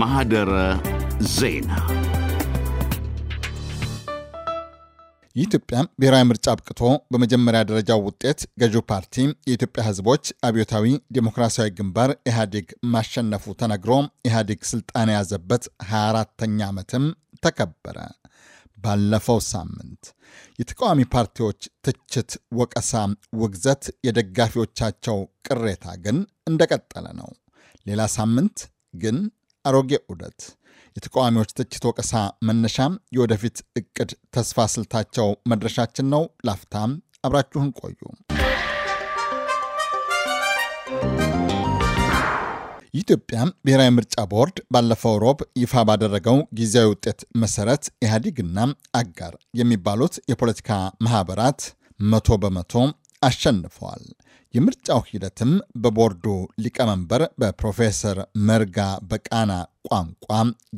ማህደረ ዜና የኢትዮጵያ ብሔራዊ ምርጫ አብቅቶ በመጀመሪያ ደረጃው ውጤት ገዢው ፓርቲ የኢትዮጵያ ሕዝቦች አብዮታዊ ዴሞክራሲያዊ ግንባር ኢህአዴግ ማሸነፉ ተነግሮ ኢህአዴግ ስልጣን የያዘበት 24ተኛ ዓመትም ተከበረ። ባለፈው ሳምንት የተቃዋሚ ፓርቲዎች ትችት፣ ወቀሳ፣ ውግዘት፣ የደጋፊዎቻቸው ቅሬታ ግን እንደቀጠለ ነው። ሌላ ሳምንት ግን አሮጌ ዑደት የተቃዋሚዎች ትችት፣ ወቀሳ መነሻም የወደፊት እቅድ፣ ተስፋ ስልታቸው መድረሻችን ነው። ላፍታም አብራችሁን ቆዩ። የኢትዮጵያ ብሔራዊ ምርጫ ቦርድ ባለፈው ሮብ ይፋ ባደረገው ጊዜያዊ ውጤት መሰረት ኢህአዲግና አጋር የሚባሉት የፖለቲካ ማህበራት መቶ በመቶ አሸንፈዋል። የምርጫው ሂደትም በቦርዱ ሊቀመንበር በፕሮፌሰር መርጋ በቃና ቋንቋ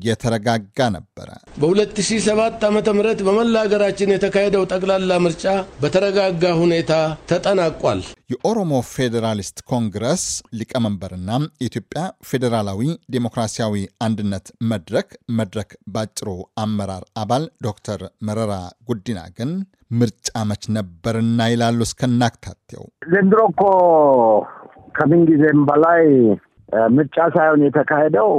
የተረጋጋ ነበረ። በ2007 ዓ ም በመላ ሀገራችን የተካሄደው ጠቅላላ ምርጫ በተረጋጋ ሁኔታ ተጠናቋል። የኦሮሞ ፌዴራሊስት ኮንግረስ ሊቀመንበርና የኢትዮጵያ ፌዴራላዊ ዴሞክራሲያዊ አንድነት መድረክ መድረክ ባጭሩ አመራር አባል ዶክተር መረራ ጉዲና ግን ምርጫ መች ነበርና ይላሉ። እስከናክታቴው ዘንድሮ እኮ ከምንጊዜም በላይ ምርጫ ሳይሆን የተካሄደው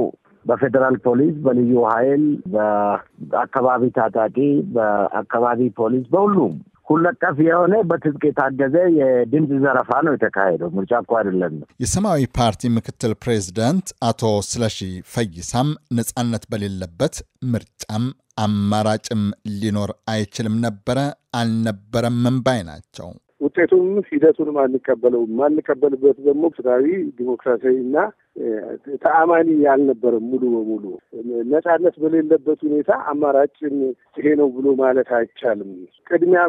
በፌዴራል ፖሊስ፣ በልዩ ኃይል፣ በአካባቢ ታጣቂ፣ በአካባቢ ፖሊስ፣ በሁሉም ሁለቀፍ የሆነ በትጥቅ የታገዘ የድምፅ ዘረፋ ነው የተካሄደው። ምርጫ እኮ አይደለም። ነው። የሰማያዊ ፓርቲ ምክትል ፕሬዚደንት አቶ ስለሺ ፈይሳም ነጻነት በሌለበት ምርጫም አማራጭም ሊኖር አይችልም ነበረ አልነበረምም ባይ ናቸው። ውጤቱም ሂደቱንም አንቀበለው ማንቀበልበት ደግሞ ፍትሐዊ ዲሞክራሲያዊና ተአማኒ ያልነበረም ሙሉ በሙሉ ነጻነት በሌለበት ሁኔታ አማራጭን ይሄ ነው ብሎ ማለት አይቻልም። ቅድሚያ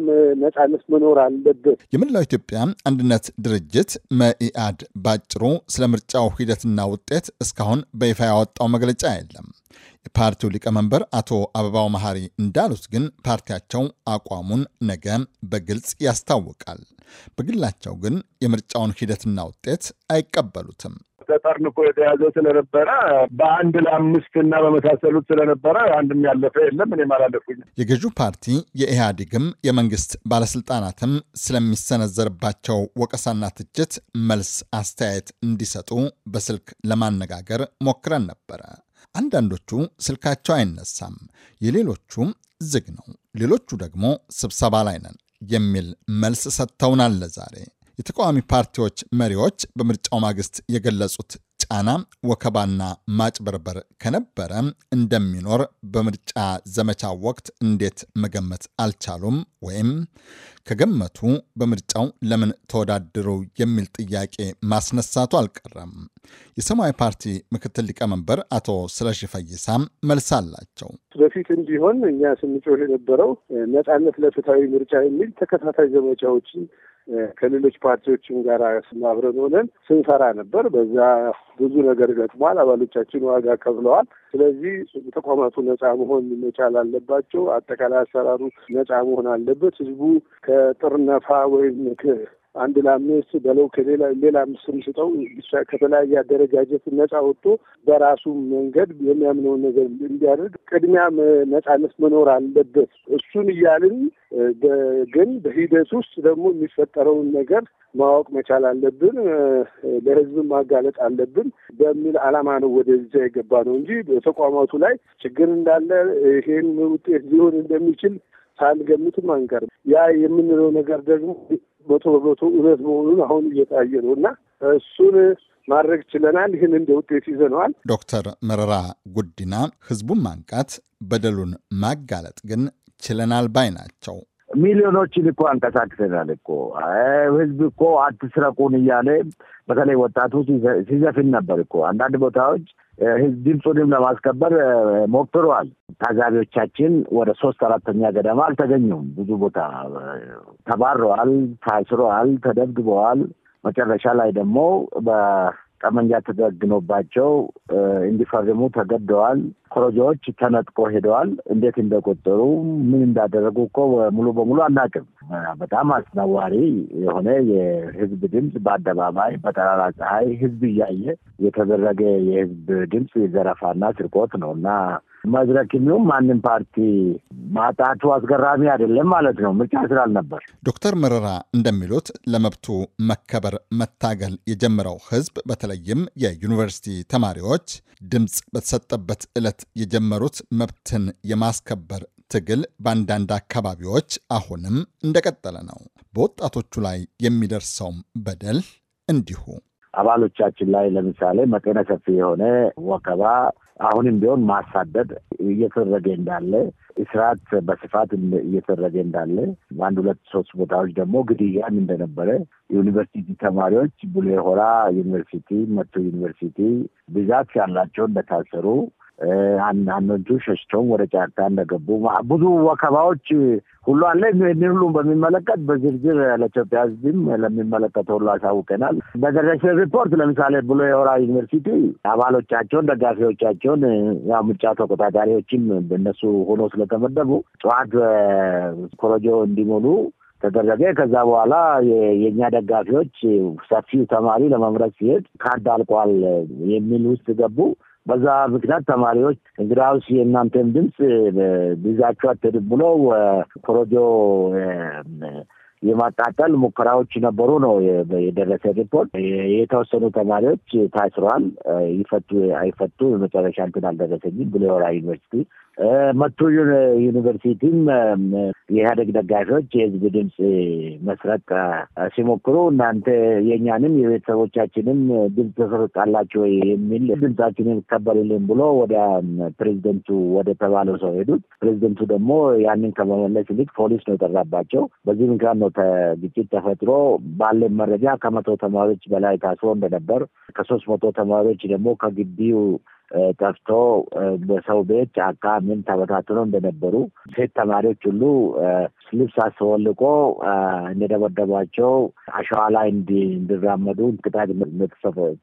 ነጻነት መኖር አለበት። የመላው ኢትዮጵያ አንድነት ድርጅት መኢአድ ባጭሩ ስለ ምርጫው ሂደትና ውጤት እስካሁን በይፋ ያወጣው መግለጫ የለም። የፓርቲው ሊቀመንበር አቶ አበባው መሐሪ እንዳሉት ግን ፓርቲያቸው አቋሙን ነገ በግልጽ ያስታውቃል። በግላቸው ግን የምርጫውን ሂደትና ውጤት አይቀበሉትም። ተጠርንኮ የተያዘ ስለነበረ በአንድ ለአምስት እና በመሳሰሉት ስለነበረ አንድም ያለፈ የለም። እኔም አላለፉኝ። የገዢው ፓርቲ የኢህአዴግም የመንግስት ባለስልጣናትም ስለሚሰነዘርባቸው ወቀሳና ትችት መልስ አስተያየት እንዲሰጡ በስልክ ለማነጋገር ሞክረን ነበረ። አንዳንዶቹ ስልካቸው አይነሳም፣ የሌሎቹ ዝግ ነው፣ ሌሎቹ ደግሞ ስብሰባ ላይ ነን የሚል መልስ ሰጥተውናል። ዛሬ የተቃዋሚ ፓርቲዎች መሪዎች በምርጫው ማግስት የገለጹት ጫና፣ ወከባና ማጭበርበር ከነበረ እንደሚኖር በምርጫ ዘመቻ ወቅት እንዴት መገመት አልቻሉም? ወይም ከገመቱ በምርጫው ለምን ተወዳደሩ የሚል ጥያቄ ማስነሳቱ አልቀረም። የሰማያዊ ፓርቲ ምክትል ሊቀመንበር አቶ ስለሺ ፈይሳ መልስ አላቸው። በፊትም ቢሆን እኛ ስንጮህ የነበረው ነጻነት ለፍትሐዊ ምርጫ የሚል ተከታታይ ዘመቻዎችን ከሌሎች ፓርቲዎችም ጋር ስናብረን ሆነን ስንሰራ ነበር። በዛ ብዙ ነገር ገጥሟል። አባሎቻችን ዋጋ ከፍለዋል። ስለዚህ ተቋማቱ ነጻ መሆን መቻል አለባቸው። አጠቃላይ አሰራሩ ነጻ መሆን አለበት። ህዝቡ ከጥርነፋ ወይም አንድ ለአምስት በለው ከሌላ ሌላ ሽጠው ከተለያየ አደረጃጀት ነጻ ወጥቶ በራሱ መንገድ የሚያምነውን ነገር እንዲያደርግ ቅድሚያ ነጻነት መኖር አለበት። እሱን እያልን ግን በሂደት ውስጥ ደግሞ የሚፈጠረውን ነገር ማወቅ መቻል አለብን፣ ለህዝብ ማጋለጥ አለብን በሚል አላማ ነው ወደዚያ የገባ ነው እንጂ በተቋማቱ ላይ ችግር እንዳለ ይሄን ውጤት ሊሆን እንደሚችል ሳንገምትም አንቀርም። ያ የምንለው ነገር ደግሞ መቶ በመቶ እውነት መሆኑን አሁን እየታየ ነው እና እሱን ማድረግ ችለናል። ይህን እንደ ውጤት ይዘነዋል። ዶክተር መረራ ጉዲና ህዝቡን ማንቃት፣ በደሉን ማጋለጥ ግን ችለናል ባይ ናቸው። ሚሊዮኖችን እኮ አንቀሳቅሰናል እኮ ህዝብ እኮ አትስረቁን እያለ በተለይ ወጣቱ ሲዘፍን ነበር እኮ አንዳንድ ቦታዎች ድምፁንም ለማስከበር ሞክረዋል። ታዛቢዎቻችን ወደ ሶስት አራተኛ ገደማ አልተገኙም። ብዙ ቦታ ተባረዋል፣ ታስረዋል፣ ተደብድበዋል። መጨረሻ ላይ ደግሞ በጠመንጃ ተደግኖባቸው እንዲፈርሙ ተገደዋል። ኮረጆዎች ተነጥቆ ሄደዋል። እንዴት እንደቆጠሩ ምን እንዳደረጉ እኮ ሙሉ በሙሉ አናውቅም። በጣም አስነዋሪ የሆነ የህዝብ ድምፅ በአደባባይ በጠራራ ፀሐይ ህዝብ እያየ የተደረገ የህዝብ ድምፅ ዘረፋና ስርቆት ነው እና መድረክ የሚሆን ማንም ፓርቲ ማጣቱ አስገራሚ አይደለም ማለት ነው። ምርጫ ስላልነበር ዶክተር መረራ እንደሚሉት ለመብቱ መከበር መታገል የጀመረው ህዝብ በተለይም የዩኒቨርሲቲ ተማሪዎች ድምፅ በተሰጠበት ዕለት ዓመታት የጀመሩት መብትን የማስከበር ትግል በአንዳንድ አካባቢዎች አሁንም እንደቀጠለ ነው። በወጣቶቹ ላይ የሚደርሰውም በደል እንዲሁ አባሎቻችን ላይ ለምሳሌ መጠነ ሰፊ የሆነ ወከባ፣ አሁንም ቢሆን ማሳደድ እየተደረገ እንዳለ፣ እስራት በስፋት እየተደረገ እንዳለ፣ በአንድ ሁለት ሶስት ቦታዎች ደግሞ ግድያም እንደነበረ ዩኒቨርሲቲ ተማሪዎች ቡሌ ሆራ ዩኒቨርሲቲ፣ መቶ ዩኒቨርሲቲ ብዛት ያላቸው እንደታሰሩ አንዳንዶቹ ሸሽተው ወደ ጫካ እንደገቡ ብዙ ወከባዎች ሁሉ አለ። ይህን ሁሉ በሚመለከት በዝርዝር ለኢትዮጵያ ሕዝብም ለሚመለከተው ሁሉ አሳውቀናል። በደረሰ ሪፖርት ለምሳሌ ብሎ የሆራ ዩኒቨርሲቲ አባሎቻቸውን፣ ደጋፊዎቻቸውን ያው ምርጫ ተቆጣጣሪዎችም በእነሱ ሆኖ ስለተመደቡ ጠዋት ኮረጆ እንዲሞሉ ተደረገ። ከዛ በኋላ የእኛ ደጋፊዎች ሰፊው ተማሪ ለመምረጥ ሲሄድ ካርድ አልቋል የሚል ውስጥ ገቡ። በዛ ምክንያት ተማሪዎች እንግዲያውስ የእናንተን ድምፅ ብዛችሁ አትሄዱም ብሎ ኮሮጆ የማቃጠል ሙከራዎች ነበሩ ነው የደረሰ ሪፖርት። የተወሰኑ ተማሪዎች ታስረዋል። ይፈቱ አይፈቱ የመጨረሻ እንትን አልደረሰኝም ብሎ የወራ ዩኒቨርሲቲ መቶ ዩኒቨርሲቲም የኢህአዴግ ደጋፊዎች የህዝብ ድምፅ መስረቅ ሲሞክሩ እናንተ የእኛንም የቤተሰቦቻችንም ድምፅ ተሰረቃላችሁ ወይ የሚል ድምፃችን ይከበርልን ብሎ ወደ ፕሬዚደንቱ ወደ ተባለው ሰው ሄዱት። ፕሬዚደንቱ ደግሞ ያንን ከመመለስ ይልቅ ፖሊስ ነው የጠራባቸው። በዚህ ምክንያት ነው ግጭት ተፈጥሮ። ባለን መረጃ ከመቶ ተማሪዎች በላይ ታስሮ እንደነበር ከሶስት መቶ ተማሪዎች ደግሞ ከግቢው ጠፍቶ በሰው ቤት ጫካ ምን ተበታትኖ እንደነበሩ ሴት ተማሪዎች ሁሉ ልብስ አስወልቆ እንደደበደቧቸው አሸዋ ላይ እንዲራመዱ ቅጣት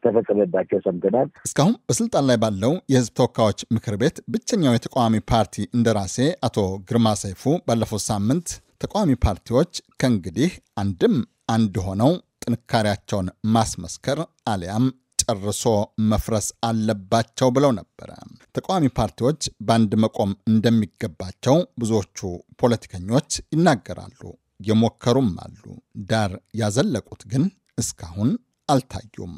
ተፈጸመባቸው ሰምተናል። እስካሁን በስልጣን ላይ ባለው የህዝብ ተወካዮች ምክር ቤት ብቸኛው የተቃዋሚ ፓርቲ እንደራሴ አቶ ግርማ ሰይፉ ባለፈው ሳምንት ተቃዋሚ ፓርቲዎች ከእንግዲህ አንድም አንድ ሆነው ጥንካሬያቸውን ማስመስከር አሊያም ጨርሶ መፍረስ አለባቸው ብለው ነበረ። ተቃዋሚ ፓርቲዎች በአንድ መቆም እንደሚገባቸው ብዙዎቹ ፖለቲከኞች ይናገራሉ፣ የሞከሩም አሉ። ዳር ያዘለቁት ግን እስካሁን አልታዩም።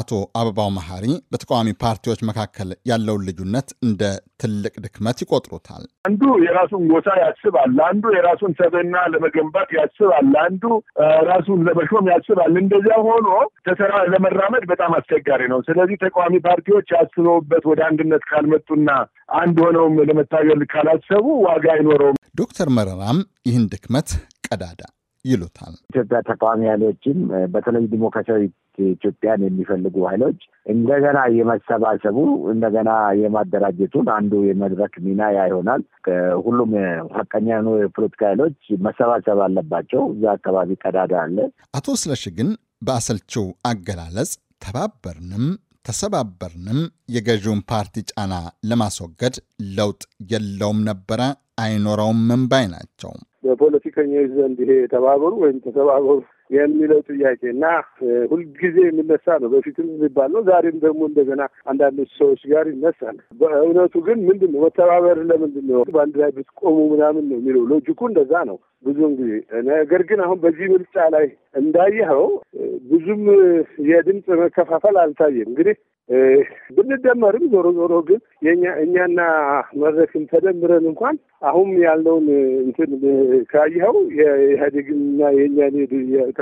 አቶ አበባው መሐሪ በተቃዋሚ ፓርቲዎች መካከል ያለውን ልዩነት እንደ ትልቅ ድክመት ይቆጥሩታል። አንዱ የራሱን ጎሳ ያስባል፣ አንዱ የራሱን ሰብዕና ለመገንባት ያስባል፣ አንዱ ራሱን ለመሾም ያስባል። እንደዚያ ሆኖ ተሰራ ለመራመድ በጣም አስቸጋሪ ነው። ስለዚህ ተቃዋሚ ፓርቲዎች ያስበውበት ወደ አንድነት ካልመጡና አንድ ሆነውም ለመታገል ካላሰቡ ዋጋ አይኖረውም። ዶክተር መረራም ይህን ድክመት ቀዳዳ ይሉታል። ኢትዮጵያ ተቃዋሚ ኃይሎችም በተለይ ዲሞክራሲያዊ ኢትዮጵያን የሚፈልጉ ኃይሎች እንደገና የመሰባሰቡ እንደገና የማደራጀቱን አንዱ የመድረክ ሚና ያ ይሆናል። ሁሉም ሀቀኛ የሆኑ የፖለቲካ ኃይሎች መሰባሰብ አለባቸው። እዛ አካባቢ ቀዳዳ አለ። አቶ ስለሽ ግን በአሰልችው አገላለጽ ተባበርንም ተሰባበርንም የገዢውን ፓርቲ ጫና ለማስወገድ ለውጥ የለውም ነበረ አይኖረውም ምንባይ ናቸው። በፖለቲከኞች ዘንድ ይሄ ተባበሩ ወይም ተሰባበሩ የሚለው ጥያቄ እና ሁልጊዜ የሚነሳ ነው። በፊትም የሚባል ነው። ዛሬም ደግሞ እንደገና አንዳንድ ሰዎች ጋር ይነሳል። በእውነቱ ግን ምንድን ነው መተባበር ለምንድን ነው በአንድ ላይ ብትቆሙ ምናምን ነው የሚለው ሎጂኩ እንደዛ ነው ብዙውን ጊዜ። ነገር ግን አሁን በዚህ ምርጫ ላይ እንዳየኸው ብዙም የድምፅ መከፋፈል አልታየም። እንግዲህ ብንደመርም ዞሮ ዞሮ ግን እኛና መድረክን ተደምረን እንኳን አሁን ያለውን እንትን ካየኸው የኢህአዴግና የእኛን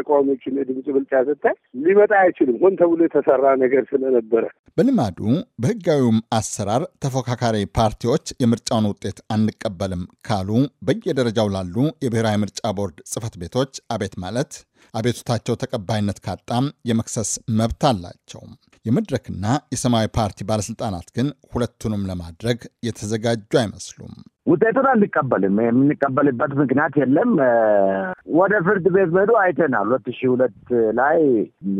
ተቃዋሚዎችን የድምፅ ብልጫ ሰጥታ ሊመጣ አይችልም። ሆን ተብሎ የተሰራ ነገር ስለነበረ በልማዱ በህጋዊውም አሰራር ተፎካካሪ ፓርቲዎች የምርጫውን ውጤት አንቀበልም ካሉ በየደረጃው ላሉ የብሔራዊ ምርጫ ቦርድ ጽህፈት ቤቶች አቤት ማለት አቤቱታቸው ተቀባይነት ካጣም የመክሰስ መብት አላቸው። የመድረክና የሰማያዊ ፓርቲ ባለስልጣናት ግን ሁለቱንም ለማድረግ የተዘጋጁ አይመስሉም። ውጤቱን አንቀበልም። የምንቀበልበት ምክንያት የለም። ወደ ፍርድ ቤት መሄዱ አይተናል። ሁለት ሺ ሁለት ላይ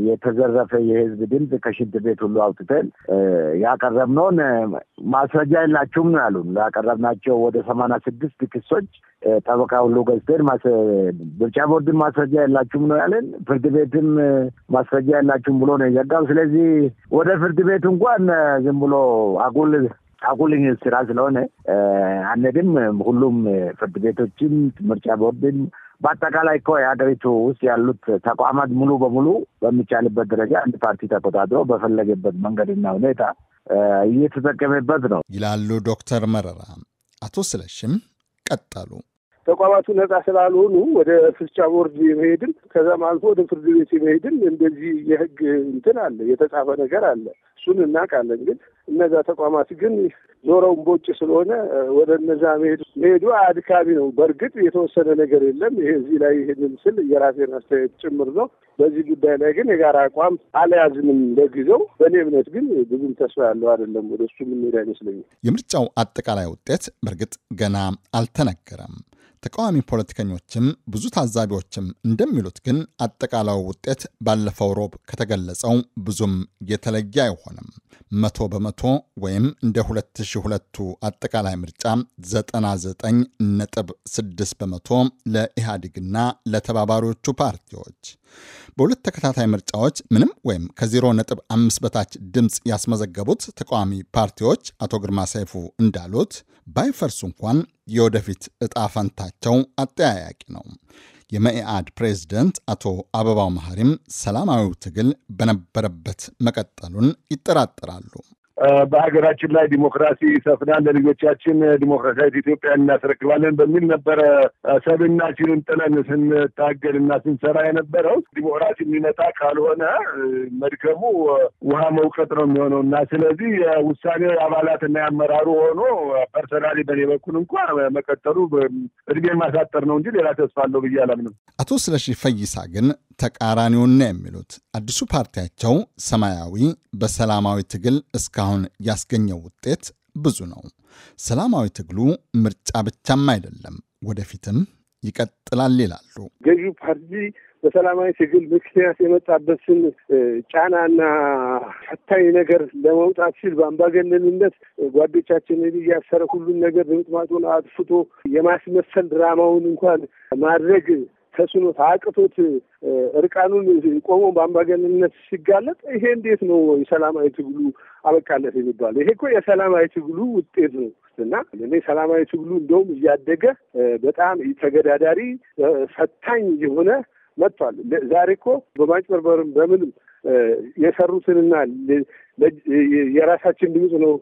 የተዘረፈ የህዝብ ድምፅ ከሽንት ቤት ሁሉ አውጥተን ያቀረብነውን ማስረጃ የላችሁም ነው ያሉን። ያቀረብናቸው ወደ ሰማንያ ስድስት ክሶች ጠበቃ ሁሉ ገዝተን ምርጫ ቦርድን ማስረጃ የላችሁም ነው ያለን። ፍርድ ቤትም ማስረጃ የላችሁም ብሎ ነው የዘጋው። ስለዚህ ወደ ፍርድ ቤት እንኳን ዝም ብሎ አጉል አኩልኝ ስራ ስለሆነ አነድም ሁሉም ፍርድ ቤቶችም ምርጫ ቦርድም በአጠቃላይ እኮ የሀገሪቱ ውስጥ ያሉት ተቋማት ሙሉ በሙሉ በሚቻልበት ደረጃ አንድ ፓርቲ ተቆጣጥሮ በፈለገበት መንገድና ሁኔታ እየተጠቀመበት ነው ይላሉ ዶክተር መረራ። አቶ ስለሽም ቀጠሉ። ተቋማቱ ነጻ ስላልሆኑ ወደ ፍርቻ ቦርድ የመሄድን ከዛም አልፎ ወደ ፍርድ ቤት የመሄድን እንደዚህ የህግ እንትን አለ፣ የተጻፈ ነገር አለ። እሱን እናውቃለን። ግን እነዛ ተቋማት ግን ዞረውን በውጭ ስለሆነ ወደ እነዛ መሄዱ መሄዱ አድካሚ ነው። በእርግጥ የተወሰነ ነገር የለም። ይሄ እዚህ ላይ ይህንን ስል የራሴን አስተያየት ጭምር ነው። በዚህ ጉዳይ ላይ ግን የጋራ አቋም አልያዝንም ለጊዜው። በእኔ እምነት ግን ብዙም ተስፋ ያለው አይደለም። ወደ እሱ የምንሄድ አይመስለኝም። የምርጫው አጠቃላይ ውጤት በእርግጥ ገና አልተነገረም። ተቃዋሚ ፖለቲከኞችም ብዙ ታዛቢዎችም እንደሚሉት ግን አጠቃላዩ ውጤት ባለፈው ሮብ ከተገለጸው ብዙም የተለየ አይሆንም። መቶ በመቶ ወይም እንደ 2002ቱ አጠቃላይ ምርጫ 99.6 በመቶ ለኢህአዴግና ለተባባሪዎቹ ፓርቲዎች። በሁለት ተከታታይ ምርጫዎች ምንም ወይም ከ0.5 በታች ድምፅ ያስመዘገቡት ተቃዋሚ ፓርቲዎች አቶ ግርማ ሰይፉ እንዳሉት ባይፈርሱ እንኳን የወደፊት እጣ ፈንታቸው አጠያያቂ ነው። የመኢአድ ፕሬዝደንት አቶ አበባው መሐሪም ሰላማዊው ትግል በነበረበት መቀጠሉን ይጠራጠራሉ። በሀገራችን ላይ ዲሞክራሲ ሰፍናን ለልጆቻችን ዲሞክራሲያዊት ኢትዮጵያ እናስረክባለን በሚል ነበረ ሰብናችንን ጥለን ስንታገል እና ስንሰራ የነበረው። ዲሞክራሲ የሚመጣ ካልሆነ መድከሙ ውሃ መውቀጥ ነው የሚሆነው እና ስለዚህ የውሳኔው የአባላትና የአመራሩ ሆኖ ፐርሰናሊ በኔ በኩል እንኳ መቀጠሉ እድሜ ማሳጠር ነው እንጂ ሌላ ተስፋ አለው ብዬ አላምንም። አቶ ስለሺ ፈይሳ ግን ተቃራኒውን ነው የሚሉት። አዲሱ ፓርቲያቸው ሰማያዊ በሰላማዊ ትግል እስካሁን ያስገኘው ውጤት ብዙ ነው። ሰላማዊ ትግሉ ምርጫ ብቻም አይደለም፣ ወደፊትም ይቀጥላል ይላሉ። ገዢው ፓርቲ በሰላማዊ ትግል ምክንያት የመጣበትን ጫናና ፈታኝ ነገር ለመውጣት ሲል በአምባገነንነት ጓዶቻችንን እያሰረ ሁሉን ነገር ድምጥማጡን አጥፍቶ የማስመሰል ድራማውን እንኳን ማድረግ ተስኖት አቅቶት እርቃኑን ቆሞ በአምባገንነት ሲጋለጥ ይሄ እንዴት ነው የሰላማዊ ትግሉ አበቃለት የሚባል? ይሄ እኮ የሰላማዊ ትግሉ ውጤት ነው እና እኔ ሰላማዊ ትግሉ እንደውም እያደገ በጣም ተገዳዳሪ ፈታኝ የሆነ መጥቷል። ዛሬ እኮ በማጭበርበርም በምንም የሰሩትንና የራሳችን ድምፅ ነው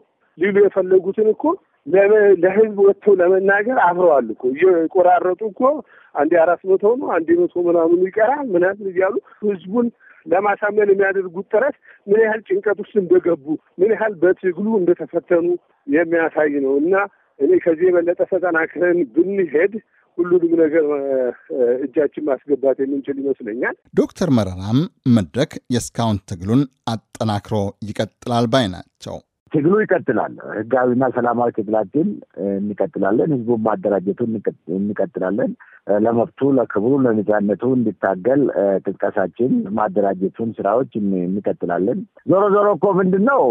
ሊሉ የፈለጉትን እኮ ለህዝብ ወጥቶ ለመናገር አፍረዋል እኮ እየቆራረጡ እኮ አንዴ አራት መቶ ነው አንዴ መቶ ምናምኑ ይቀራል ምናምን እያሉ ህዝቡን ለማሳመን የሚያደርጉት ጥረት ምን ያህል ጭንቀት ውስጥ እንደገቡ ምን ያህል በትግሉ እንደተፈተኑ የሚያሳይ ነው እና እኔ ከዚህ የበለጠ ተጠናክረን ብንሄድ ሁሉንም ነገር እጃችን ማስገባት የምንችል ይመስለኛል። ዶክተር መረራም መድረክ የእስካሁን ትግሉን አጠናክሮ ይቀጥላል ባይ ናቸው። ትግሉ ይቀጥላል። ህጋዊና ሰላማዊ ትግላችን እንቀጥላለን። ህዝቡን ማደራጀቱ እንቀጥላለን። ለመብቱ፣ ለክብሩ፣ ለነጻነቱ እንዲታገል ቅስቀሳችን፣ ማደራጀቱን ስራዎች እንቀጥላለን። ዞሮ ዞሮ እኮ ምንድን ነው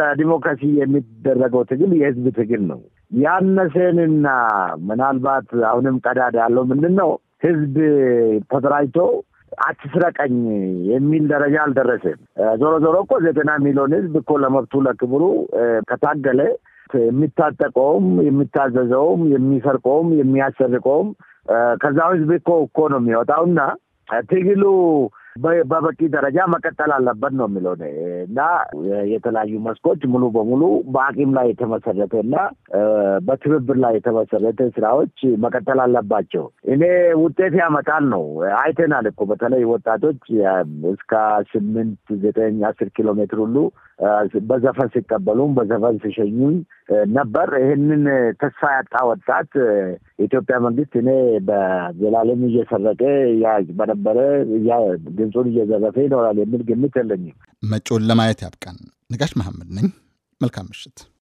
ለዲሞክራሲ የሚደረገው ትግል የህዝብ ትግል ነው። ያነሰንና ምናልባት አሁንም ቀዳዳ ያለው ምንድን ነው ህዝብ ተደራጅቶ አትስረቀኝ የሚል ደረጃ አልደረሰም። ዞሮ ዞሮ እኮ ዘጠና ሚሊዮን ህዝብ እኮ ለመብቱ ለክብሩ ከታገለ የሚታጠቀውም የሚታዘዘውም የሚሰርቀውም የሚያሰርቀውም ከዛው ህዝብ እኮ እኮ ነው የሚወጣውና ትግሉ በበቂ ደረጃ መቀጠል አለበት ነው የሚለው እና የተለያዩ መስኮች ሙሉ በሙሉ በአቂም ላይ የተመሰረተ እና በትብብር ላይ የተመሰረተ ስራዎች መቀጠል አለባቸው። እኔ ውጤት ያመጣል ነው አይተናል እኮ በተለይ ወጣቶች እስከ ስምንት ዘጠኝ አስር ኪሎ ሜትር ሁሉ በዘፈን ሲቀበሉም በዘፈን ሲሸኙም ነበር። ይህንን ተስፋ ያጣ ወጣት የኢትዮጵያ መንግስት እኔ በዘላለም እየሰረቀ በነበረ ድምፁን እየዘረፈ ይኖራል የሚል ግምት የለኝም። መጪውን ለማየት ያብቃን። ነጋሽ መሐመድ ነኝ። መልካም ምሽት።